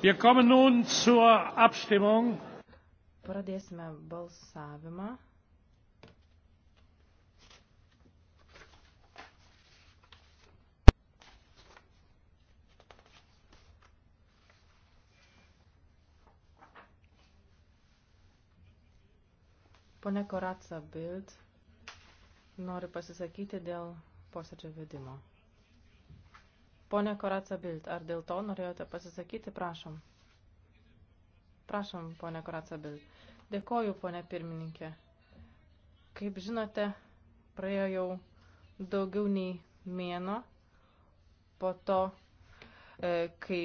Wir kommen nun zur Abstimmung. Pradėsime balsavimą. Pone Koratsa Bild nori pasisakyti dėl posėdžio vedimo. Pone Koraca Bild, ar dėl to norėjote pasisakyti? Prašom. Prašom, ponė Koraca Bild. Dėkoju, ponė pirmininkė. Kaip žinote, praėjo jau daugiau nei mėno po to, e, kai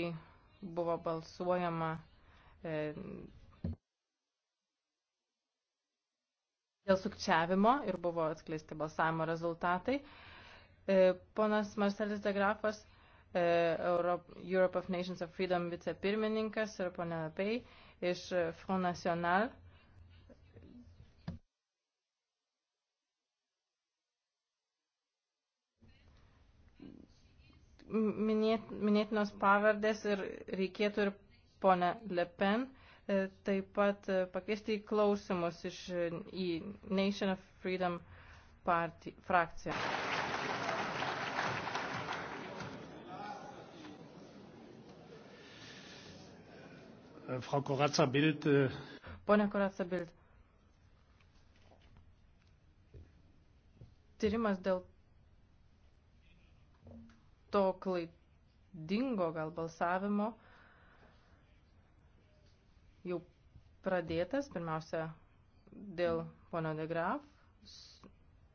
buvo balsuojama e, dėl sukčiavimo ir buvo atskleisti balsavimo rezultatai. E, ponas Marcelis Degrafas E, Europe of Nations of Freedom vicepirmininkas ir ponia Pei iš Front National. Minėt, minėtinos pavardės ir reikėtų ir ponę Le Pen e, taip pat pakviesti į klausimus iš į Nation of Freedom partij, frakciją. Äh, Frau Koratsa Bild. Pone Koratsa Bild. Tyrimas dėl to klaidingo gal balsavimo jau pradėtas, pirmiausia, dėl pono de Graf,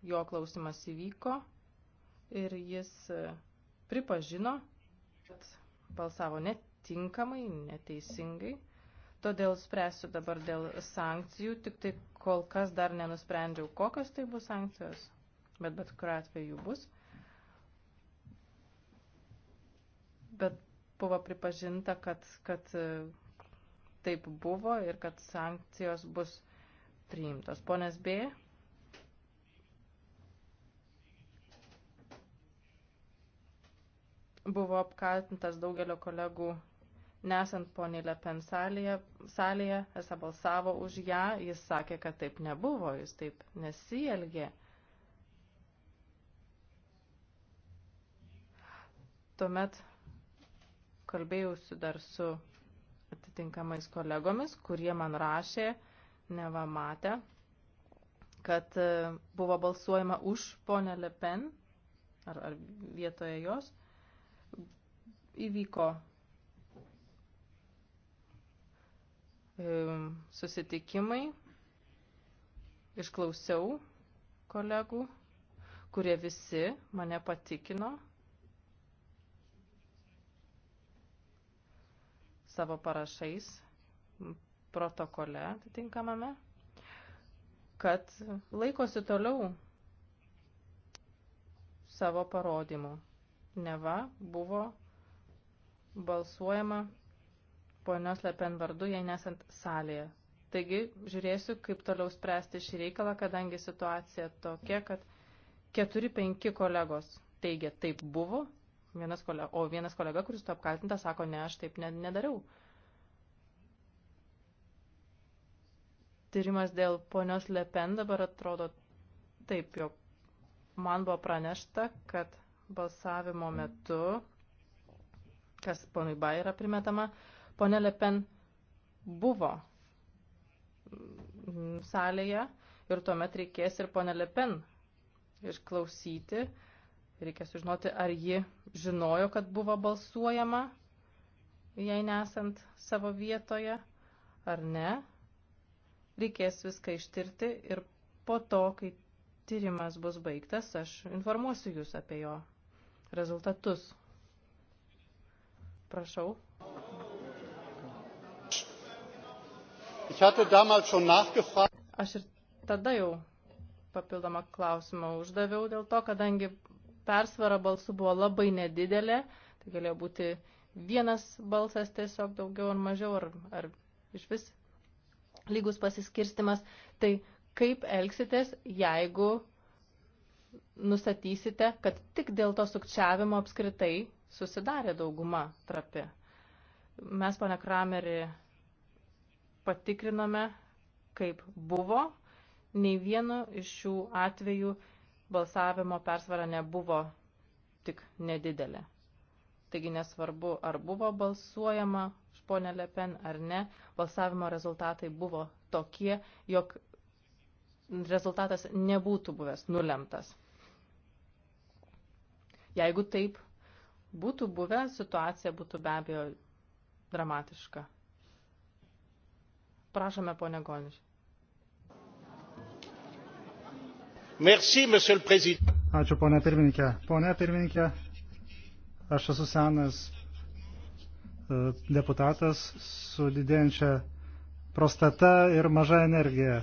jo klausimas įvyko ir jis e, pripažino, kad balsavo net netinkamai, neteisingai. Todėl spręsiu dabar dėl sankcijų, tik tai kol kas dar nenusprendžiau, kokios tai bus sankcijos, bet bet kuriuo atveju jų bus. Bet buvo pripažinta, kad, kad e, taip buvo ir kad sankcijos bus priimtos. Ponas B. buvo apkaltintas daugelio kolegų nesant poniai Lepen salėje, salėje, esą balsavo už ją, jis sakė, kad taip nebuvo, jis taip nesielgė. Tuomet kalbėjausi dar su atitinkamais kolegomis, kurie man rašė, neva matę, kad e, buvo balsuojama už ponę Le Pen ar, ar vietoje jos. Įvyko susitikimai, išklausiau kolegų, kurie visi mane patikino savo parašais protokole atitinkamame, kad laikosi toliau savo parodymų. Neva buvo balsuojama ponios Lepen vardu, jei nesant salėje. Taigi, žiūrėsiu, kaip toliau spręsti šį reikalą, kadangi situacija tokia, kad 4-5 kolegos teigia, taip buvo, vienas kolega, o vienas kolega, kuris to apkaltintas, sako, ne, aš taip nedariau. Tyrimas dėl ponios Lepen dabar atrodo taip, jog man buvo pranešta, kad balsavimo metu, kas ponui Bai yra primetama, uh, Pone Lepen buvo salėje ir tuomet reikės ir ponę Lepen išklausyti. Reikės sužinoti, ar ji žinojo, kad buvo balsuojama, jei nesant savo vietoje, ar ne. Reikės viską ištirti ir po to, kai tyrimas bus baigtas, aš informuosiu jūs apie jo rezultatus. Prašau. Aš ir tada jau papildomą klausimą uždaviau dėl to, kadangi persvara balsų buvo labai nedidelė, tai galėjo būti vienas balsas tiesiog daugiau ar mažiau, ar, ar iš vis lygus pasiskirstimas. Tai kaip elgsitės, jeigu nustatysite, kad tik dėl to sukčiavimo apskritai susidarė dauguma trapi? Mes, pane Kramerį, patikrinome, kaip buvo. Nei vienu iš šių atvejų balsavimo persvara nebuvo tik nedidelė. Taigi nesvarbu, ar buvo balsuojama už ponę Le Pen ar ne, balsavimo rezultatai buvo tokie, jog rezultatas nebūtų buvęs nulemtas. Jeigu taip būtų buvę, situacija būtų be abejo dramatiška. Prašome, ponė Goniš. Ačiū, ponė pirmininkė. Ponė pirmininkė, aš esu senas e, deputatas su didėjančia prostata ir maža energija.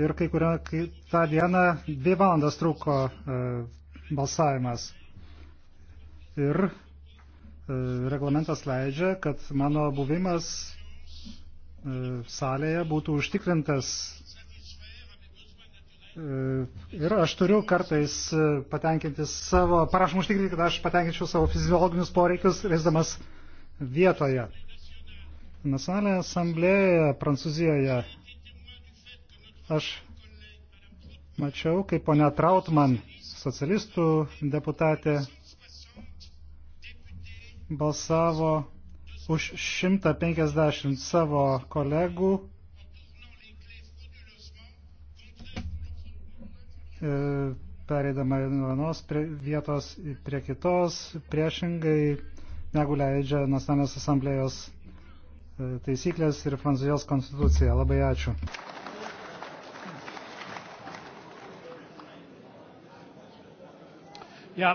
Ir kai kurią kai, tą dieną dvi valandas truko e, balsavimas. Ir e, reglamentas leidžia, kad mano buvimas E, salėje būtų užtikrintas. E, ir aš turiu kartais e, patenkinti savo, prašom užtikrinti, kad aš patenkinčiau savo fiziologinius poreikius, reisdamas vietoje. Nacionalinėje asamblėje Prancūzijoje aš mačiau, kaip ponia Trautman, socialistų deputatė, balsavo už 150 savo kolegų e, pereidama nuo vienos prie vietos prie kitos priešingai negu leidžia Nacionalinės asamblėjos e, taisyklės ir Prancūzijos konstitucija. Labai ačiū. Ja.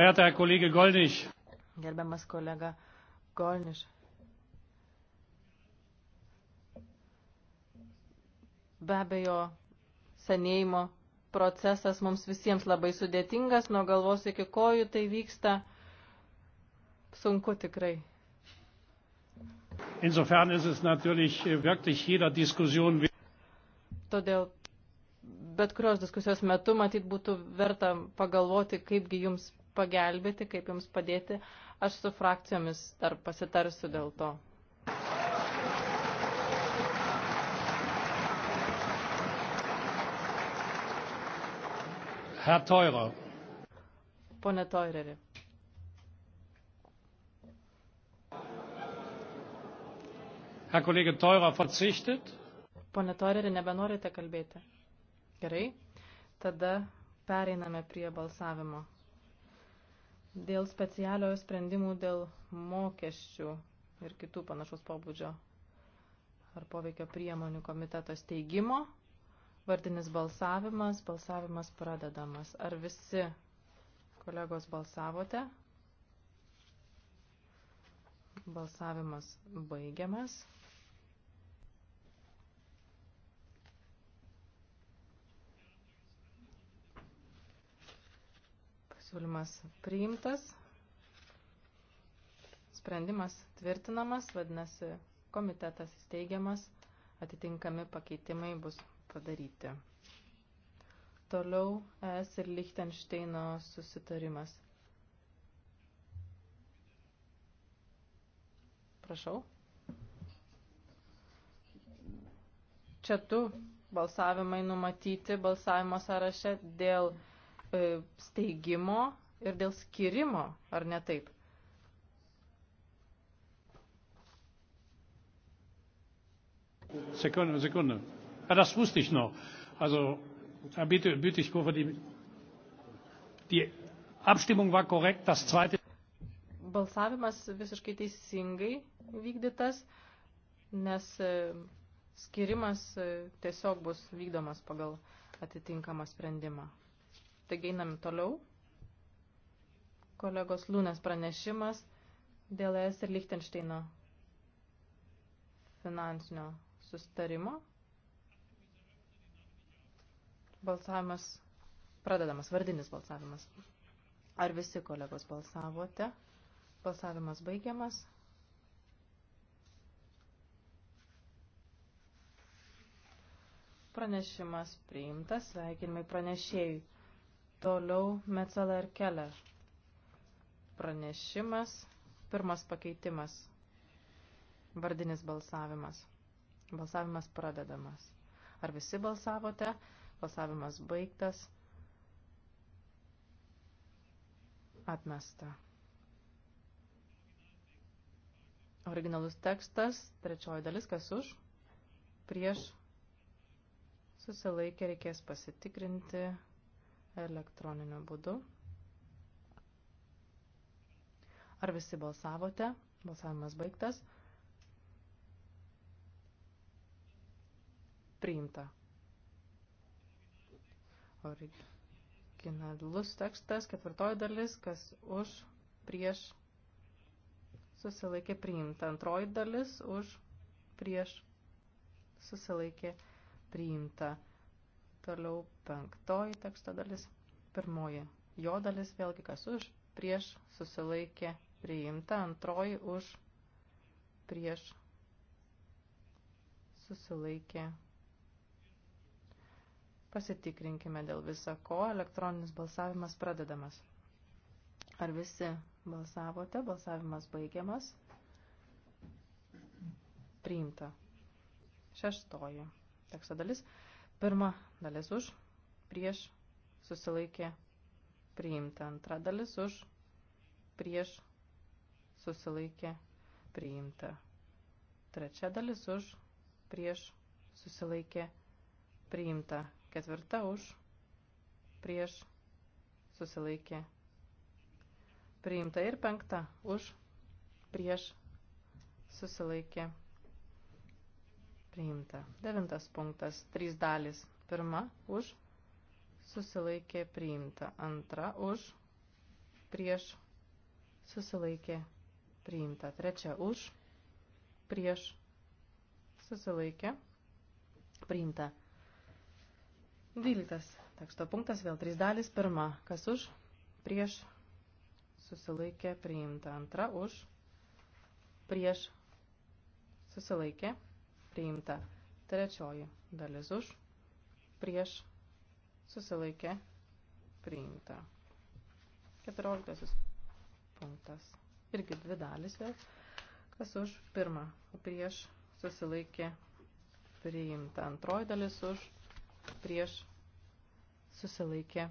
Verehrter Herr Kollege Gollnisch. Gerbiamas kolega Gollnisch. Be abejo, senėjimo procesas mums visiems labai sudėtingas, nuo galvos iki kojų tai vyksta. Sunku tikrai. Insofern ist es natürlich wirklich jeder Diskussion. Todėl bet kurios diskusijos metu matyt būtų verta pagalvoti, kaipgi jums pagelbėti, kaip jums padėti. Aš su frakcijomis dar pasitarsiu dėl to. Herr Teurer. Pone Teureri. Herr Kollege Teurer verzichtet. Pone Teureri, nebenorite kalbėti. Gerai. Tada pereiname prie balsavimo dėl specialiojo sprendimų dėl mokesčių ir kitų panašaus pobūdžio ar poveikio priemonių komiteto steigimo. Vardinis balsavimas, balsavimas pradedamas. Ar visi kolegos balsavote? Balsavimas baigiamas. Siūlymas priimtas. Sprendimas tvirtinamas, vadinasi, komitetas steigiamas, atitinkami pakeitimai bus padaryti. Toliau ES ir Lichtensteino susitarimas. Prašau. Čia tu balsavimai numatyti balsavimo sąraše dėl E, steigimo ir dėl skirimo, ar ne taip? Sekunde, Sekunde. Ja, ah, das wusste ich noch. Also, Herr ah, Bitte, Bütikofer, die, die Abstimmung war korrekt, das zweite. Balsavimas visiškai teisingai vykdytas, nes e, skirimas e, tiesiog bus vykdomas pagal atitinkamą sprendimą. Taigi einam toliau. Kolegos Lūnės pranešimas dėl ES ir Lichtensteino finansinio sustarimo. Balsavimas pradedamas, vardinis balsavimas. Ar visi kolegos balsavote? Balsavimas baigiamas. Pranešimas priimtas, sveikinimai pranešėjui. Toliau Metsala ir Keller. Pranešimas. Pirmas pakeitimas. Vardinis balsavimas. Balsavimas pradedamas. Ar visi balsavote? Balsavimas baigtas. Atmesta. Originalus tekstas, trečioji dalis, kas už, prieš, susilaikė, reikės pasitikrinti, elektroniniu būdu. Ar visi balsavote? Balsavimas baigtas. Priimta. Originalus tekstas, ketvirtoji dalis, kas už, prieš, susilaikė priimta. Antroji dalis už, prieš, susilaikė priimta. Toliau penktoji teksto dalis, pirmoji jo dalis, vėlgi kas už, prieš susilaikė priimta, antroji už, prieš susilaikė. Pasitikrinkime dėl visa ko, elektroninis balsavimas pradedamas. Ar visi balsavote, balsavimas baigiamas? Priimta. Šeštoji teksto dalis. Pirma dalis už, prieš, susilaikė, priimta. Antra dalis už, prieš, susilaikė, priimta. Trečia dalis už, prieš, susilaikė, priimta. Ketvirta už, prieš, susilaikė, priimta. Ir penkta už, prieš, susilaikė, priimta Priimta. Devintas punktas. Trys dalis. Pirma už. Susilaikė priimta. Antra už. Prieš. Susilaikė priimta. Trečia už. Prieš. Susilaikė priimta. Dvyliktas. Teksto punktas vėl trys dalis. Pirma, kas už, prieš, susilaikė, priimta. Antra, už, prieš, susilaikė, priimta priimta. Trečioji dalis už, prieš, susilaikė, priimta. Keturioliktasis punktas. Irgi dvi dalis vėl. Kas už pirmą, prieš, susilaikė, priimta. Antroji dalis už, prieš, susilaikė,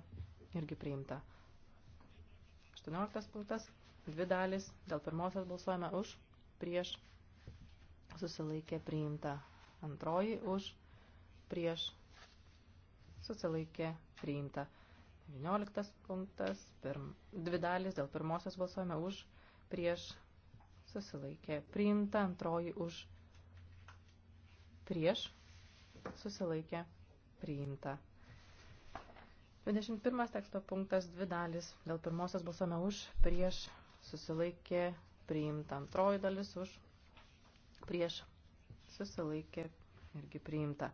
irgi priimta. 18 punktas, dvi dalis, dėl pirmosios balsuojame už, prieš, susilaikė priimta. Antroji už, prieš, susilaikė priimta. 19 punktas, pirm, dvi dalis dėl pirmosios balsuojame už, prieš, susilaikė priimta. Antroji už, prieš, susilaikė priimta. 21 teksto punktas, dvi dalis dėl pirmosios balsuojame už, prieš, susilaikė priimta. Antroji dalis už, prieš susilaikė irgi priimta.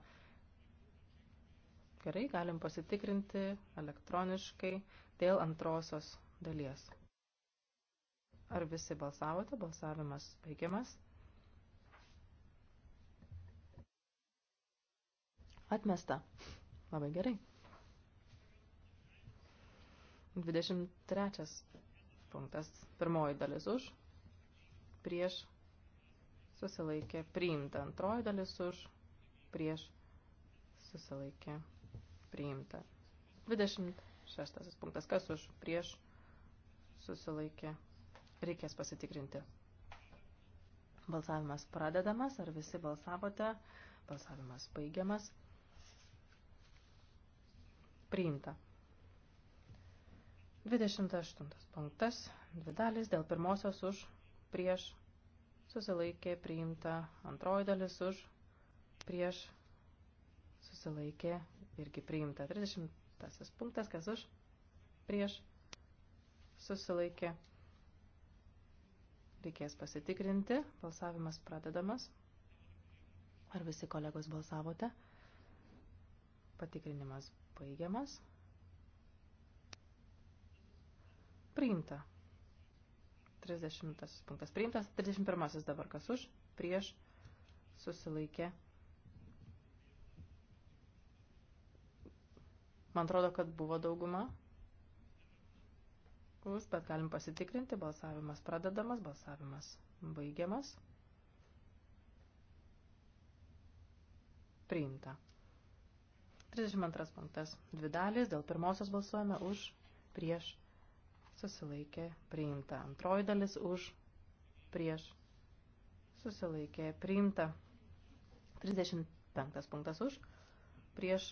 Gerai, galim pasitikrinti elektroniškai dėl antrosios dalies. Ar visi balsavote? Balsavimas baigiamas. Atmesta. Labai gerai. 23 punktas. Pirmoji dalis už, prieš susilaikė priimta. Antroji dalis už prieš susilaikė priimta. 26 punktas. Kas už prieš susilaikė? Reikės pasitikrinti. Balsavimas pradedamas. Ar visi balsavote? Balsavimas baigiamas. Priimta. 28 punktas. Dvi dalys dėl pirmosios už prieš susilaikė priimta. Antroji dalis už, prieš, susilaikė irgi priimta. 30 punktas, kas už, prieš, susilaikė. Reikės pasitikrinti, balsavimas pradedamas. Ar visi kolegos balsavote? Patikrinimas baigiamas. Priimta. 30 punktas priimtas. 31 dabar kas už, prieš, susilaikė. Man atrodo, kad buvo dauguma. Už, bet galim pasitikrinti. Balsavimas pradedamas, balsavimas baigiamas. Priimta. 32 punktas. Dvi dalys. Dėl pirmosios balsuojame už, prieš, susilaikė priimta. Antroji dalis už, prieš, susilaikė priimta. 35 punktas už, prieš,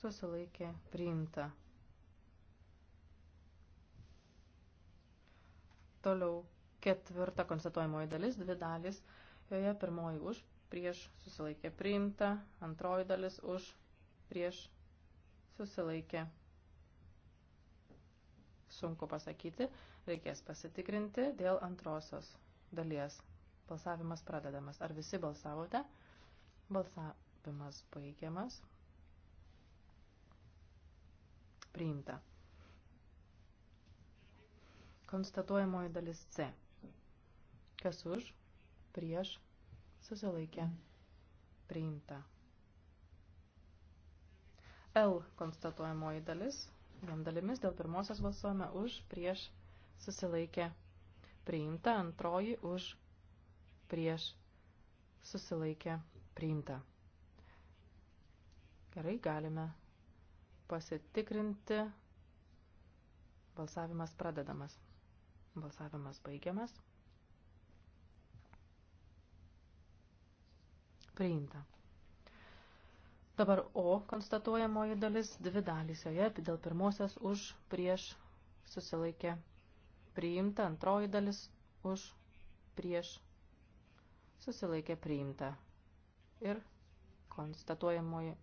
susilaikė priimta. Toliau ketvirta konstatuojamoji dalis, dvi dalis, joje pirmoji už, prieš, susilaikė priimta, antroji dalis už, prieš, susilaikė priimta Sunku pasakyti, reikės pasitikrinti dėl antrosios dalies. Balsavimas pradedamas. Ar visi balsavote? Balsavimas baigiamas. Priimta. Konstatuojamoji dalis C. Kas už, prieš, susilaikė, priimta. L konstatuojamoji dalis Vien dalimis dėl pirmosios balsuojame už, prieš, susilaikė, priimta. Antroji už, prieš, susilaikė, priimta. Gerai, galime pasitikrinti. Balsavimas pradedamas. Balsavimas baigiamas. Priimta. Dabar O konstatuojamoji dalis, dvi dalys joje, dėl pirmosios už, prieš, susilaikė, priimta, antroji dalis už, prieš, susilaikė, priimta. Ir konstatuojamoji.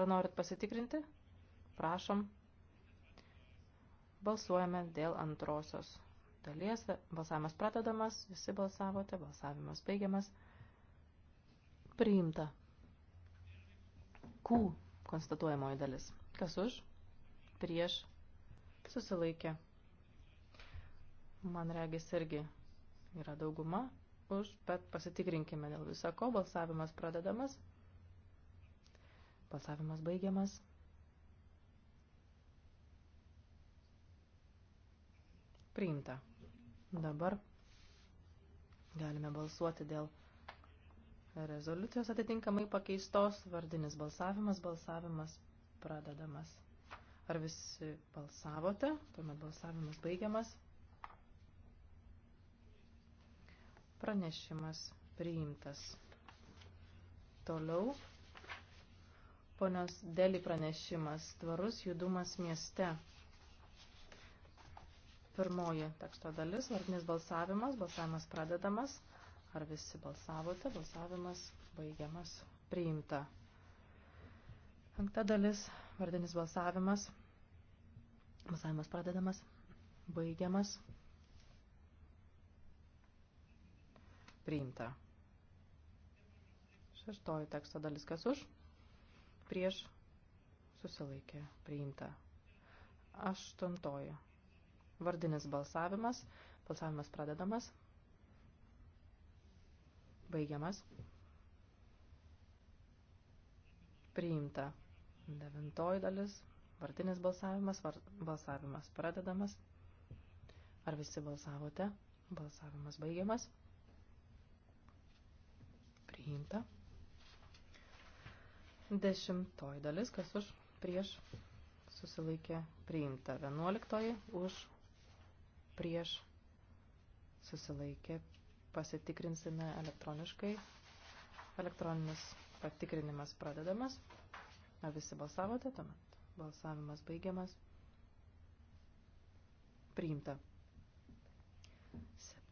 Ar norit pasitikrinti? Prašom. Balsuojame dėl antrosios dalies. Balsavimas pradedamas, visi balsavote, balsavimas baigiamas. Priimta. Q konstatuojamoji dalis. Kas už? Prieš. Susilaikė. Man regis irgi yra dauguma už, bet pasitikrinkime dėl visako. Balsavimas pradedamas. Balsavimas baigiamas. Priimta. Dabar galime balsuoti dėl rezoliucijos atitinkamai pakeistos, vardinis balsavimas, balsavimas pradedamas. Ar visi balsavote? Tuomet balsavimas baigiamas. Pranešimas priimtas. Toliau. Ponios Deli pranešimas. Tvarus judumas mieste. Pirmoji teksto dalis, vardinis balsavimas, balsavimas pradedamas. Ar visi balsavote? Balsavimas baigiamas. Priimta. Penkta dalis. Vardinis balsavimas. Balsavimas pradedamas. Baigiamas. Priimta. Šeštoji teksto dalis. Kas už? Prieš. Susilaikė. Priimta. Aštuntoji. Vardinis balsavimas. Balsavimas pradedamas. Baigiamas. Priimta. Devintoji dalis. Vartinis balsavimas. Var, balsavimas pradedamas. Ar visi balsavote? Balsavimas baigiamas. Priimta. Dešimtoji dalis. Kas už? Prieš. Susilaikė. Priimta. Vienuoliktoji. Už. Prieš. Susilaikė pasitikrinsime elektroniškai. Elektroninis patikrinimas pradedamas. Ar visi balsavote tuomet? Balsavimas baigiamas. Priimta.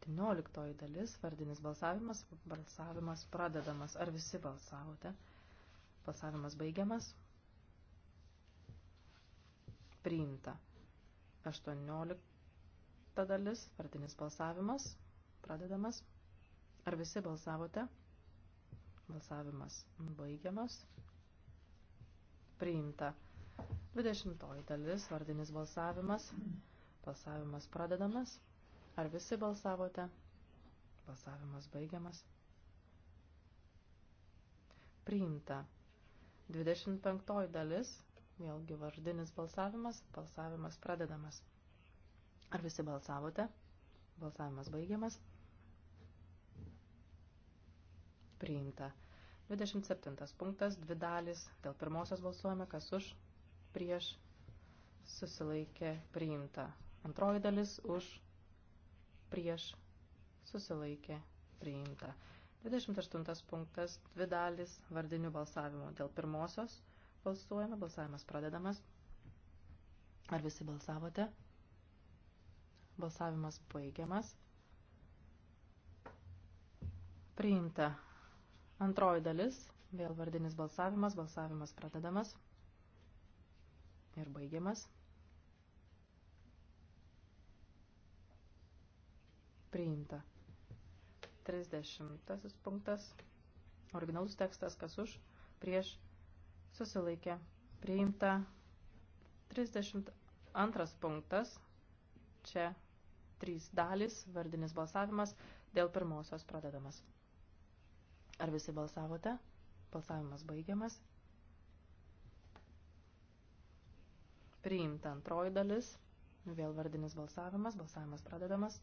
17 dalis, vardinis balsavimas, balsavimas pradedamas. Ar visi balsavote? Balsavimas baigiamas. Priimta. 18 dalis, vardinis balsavimas pradedamas. Ar visi balsavote? Balsavimas baigiamas. Priimta. 20 dalis, vardinis balsavimas. Balsavimas pradedamas. Ar visi balsavote? Balsavimas baigiamas. Priimta. 25 dalis, vėlgi vardinis balsavimas, balsavimas pradedamas. Ar visi balsavote? Balsavimas baigiamas. priimta. 27 punktas, dvi dalis, dėl pirmosios balsuojame, kas už, prieš, susilaikė, priimta. Antroji dalis už, prieš, susilaikė, priimta. 28 punktas, dvi dalis, vardinių balsavimo, dėl pirmosios balsuojame, balsavimas pradedamas. Ar visi balsavote? Balsavimas baigiamas. Priimta Antroji dalis, vėl vardinis balsavimas, balsavimas pradedamas ir baigiamas. Priimta. 30 punktas, originalus tekstas, kas už, prieš, susilaikė, priimta. 32 punktas, čia trys dalis, vardinis balsavimas, dėl pirmosios pradedamas. Ar visi balsavote? Balsavimas baigiamas. Priimta antroji dalis. Vėl vardinis balsavimas. Balsavimas pradedamas.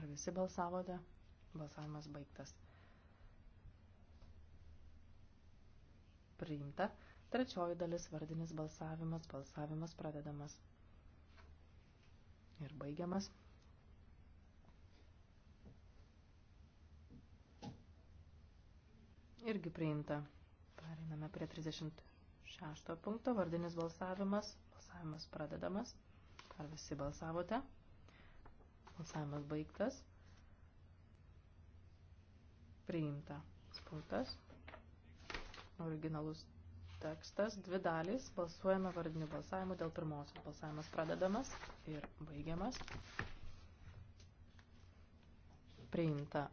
Ar visi balsavote? Balsavimas baigtas. Priimta. Trečioji dalis vardinis balsavimas. Balsavimas pradedamas. Ir baigiamas. Irgi priimta. Pereiname prie 36 punkto. Vardinis balsavimas. Balsavimas pradedamas. Ar visi balsavote? Balsavimas baigtas. Priimta. Punktas. Originalus tekstas. Dvi dalys. Balsuojame vardiniu balsavimu dėl pirmosios. Balsavimas pradedamas ir baigiamas. Priimta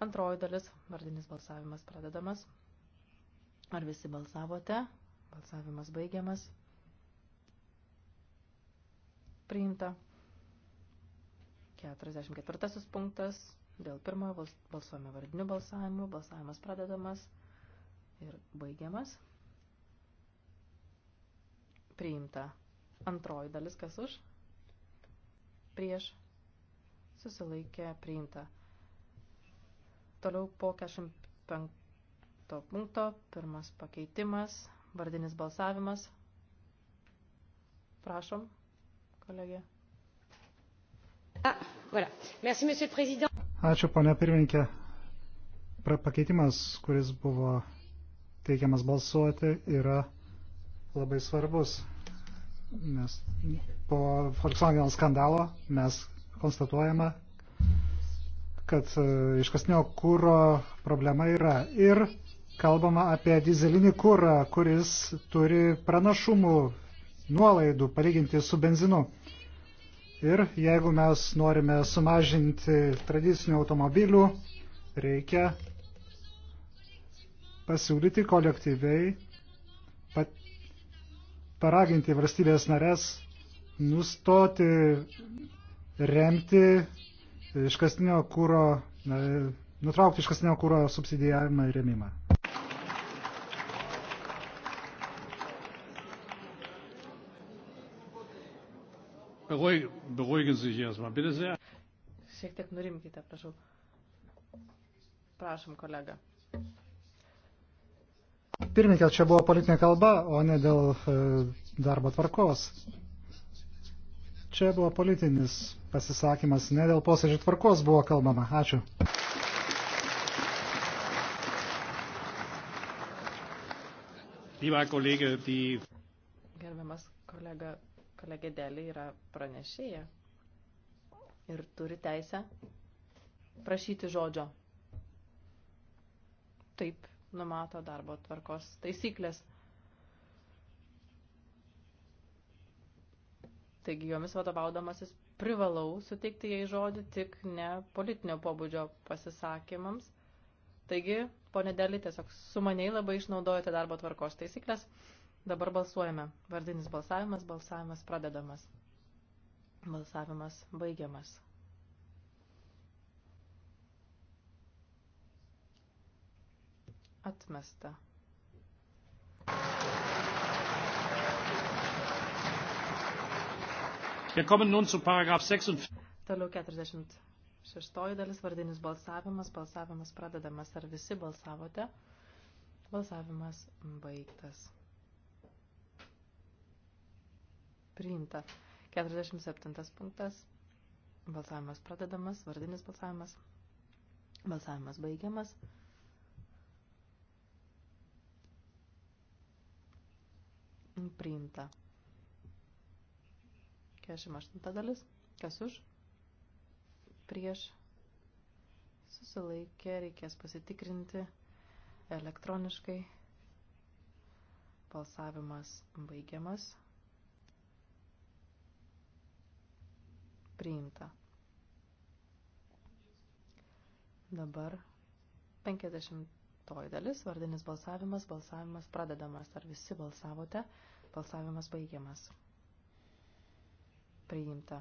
Antroji dalis, vardinis balsavimas pradedamas. Ar visi balsavote? Balsavimas baigiamas. Priimta. 44 punktas. Dėl pirmojo balsuojame vardiniu balsavimu. Balsavimas pradedamas ir baigiamas. Priimta. Antroji dalis, kas už? Prieš. Susilaikė priimta. Toliau po 45 punkto pirmas pakeitimas, vardinis balsavimas. Prašom, kolegė. Ačiū, ponia pirmininkė. Pakeitimas, kuris buvo teikiamas balsuoti, yra labai svarbus, nes po Volkswagen skandalo mes konstatuojame, kad e, iškasnio kūro problema yra. Ir kalbama apie dizelinį kūrą, kuris turi pranašumų nuolaidų palyginti su benzinu. Ir jeigu mes norime sumažinti tradicinių automobilių, reikia pasiūlyti kolektyviai, pat, paraginti valstybės narės nustoti remti iškastinio kūro, nutraukti iškastinio kūro subsidijavimą ir rėmimą. Beruhigen Sie sich erstmal, bitte sehr. Šiek tiek nurimkite, prašau. Prašom, kolega. Pirmininkė, čia buvo politinė kalba, o ne dėl e, darbo tvarkos. Čia buvo politinis pasisakymas, ne dėl posėdžio tvarkos buvo kalbama. Ačiū. Gerbiamas kolega, kolegė Deli yra pranešėja ir turi teisę prašyti žodžio. Taip numato darbo tvarkos taisyklės. Taigi jomis vadovaudamasis privalau suteikti jai žodį tik ne politinio pobūdžio pasisakymams. Taigi, ponė Deli, tiesiog sumaniai labai išnaudojate darbo tvarkos taisyklės. Dabar balsuojame. Vardinis balsavimas, balsavimas pradedamas. Balsavimas baigiamas. Atmesta. Toliau 46 dalis vardinis balsavimas. Balsavimas pradedamas. Ar visi balsavote? Balsavimas baigtas. Priimta. 47 punktas. Balsavimas pradedamas. Vardinis balsavimas. Balsavimas baigiamas. Priimta. 48 dalis. Kas už? Prieš. Susilaikė. Reikės pasitikrinti elektroniškai. Balsavimas baigiamas. Priimta. Dabar 50 dalis, vardinis balsavimas, balsavimas pradedamas. Ar visi balsavote? Balsavimas baigiamas priimta.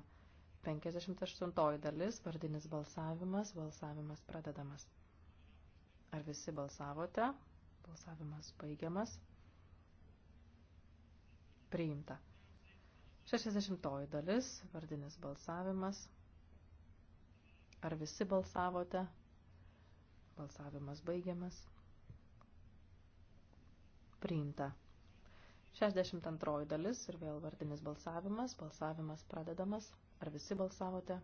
58 dalis, vardinis balsavimas, balsavimas pradedamas. Ar visi balsavote? Balsavimas baigiamas. Priimta. 60 dalis, vardinis balsavimas. Ar visi balsavote? Balsavimas baigiamas. Priimta. 62 dalis ir vėl vardinis balsavimas. Balsavimas pradedamas. Ar visi balsavote?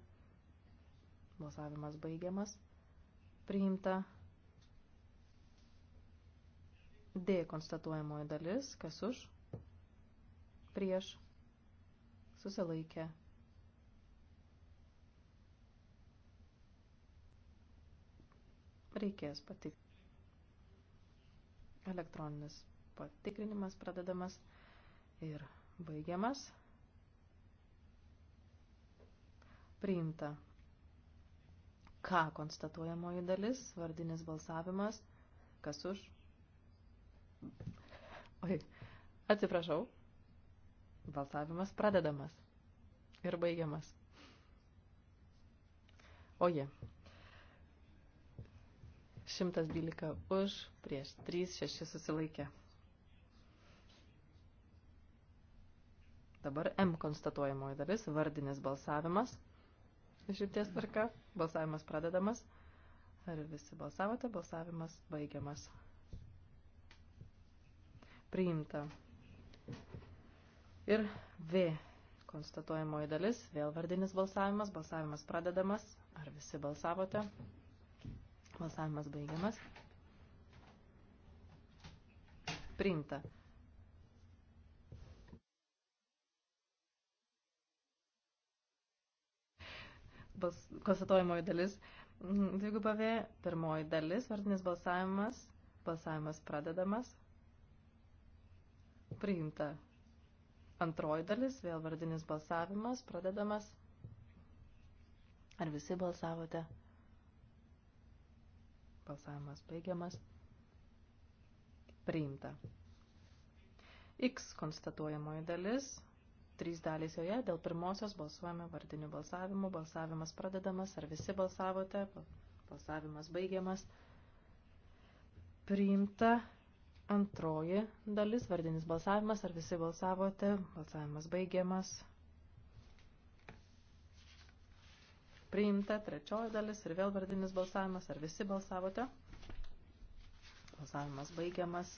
Balsavimas baigiamas. Priimta D konstatuojamoji dalis. Kas už? Prieš. Susilaikė. Reikės patikti. Elektroninis patikrinimas pradedamas ir baigiamas. Priimta. Ką konstatuojamoji dalis, vardinis balsavimas, kas už. Oi, atsiprašau, balsavimas pradedamas ir baigiamas. Oje, 112 už, prieš 3, 6 susilaikė. Dabar M konstatuojamoji dalis, vardinis balsavimas. Išimties tvarka, balsavimas pradedamas. Ar visi balsavote, balsavimas baigiamas. Priimta. Ir V konstatuojamoji dalis, vėl vardinis balsavimas, balsavimas pradedamas. Ar visi balsavote? Balsavimas baigiamas. Priimta. bals, konstatuojamoji dalis dvigubavė, pirmoji dalis, vardinis balsavimas, balsavimas pradedamas, priimta. Antroji dalis, vėl vardinis balsavimas, pradedamas. Ar visi balsavote? Balsavimas baigiamas. Priimta. X konstatuojamoji dalis, trys dalys joje. Dėl pirmosios balsuojame vardiniu balsavimu. Balsavimas pradedamas. Ar visi balsavote? Balsavimas baigiamas. Priimta antroji dalis, vardinis balsavimas. Ar visi balsavote? Balsavimas baigiamas. Priimta trečioji dalis ir vėl vardinis balsavimas. Ar visi balsavote? Balsavimas baigiamas.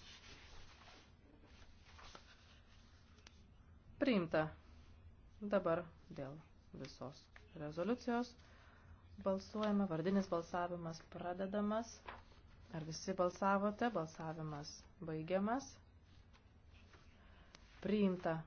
priimta. Dabar dėl visos rezoliucijos balsuojame. Vardinis balsavimas pradedamas. Ar visi balsavote? Balsavimas baigiamas. Priimta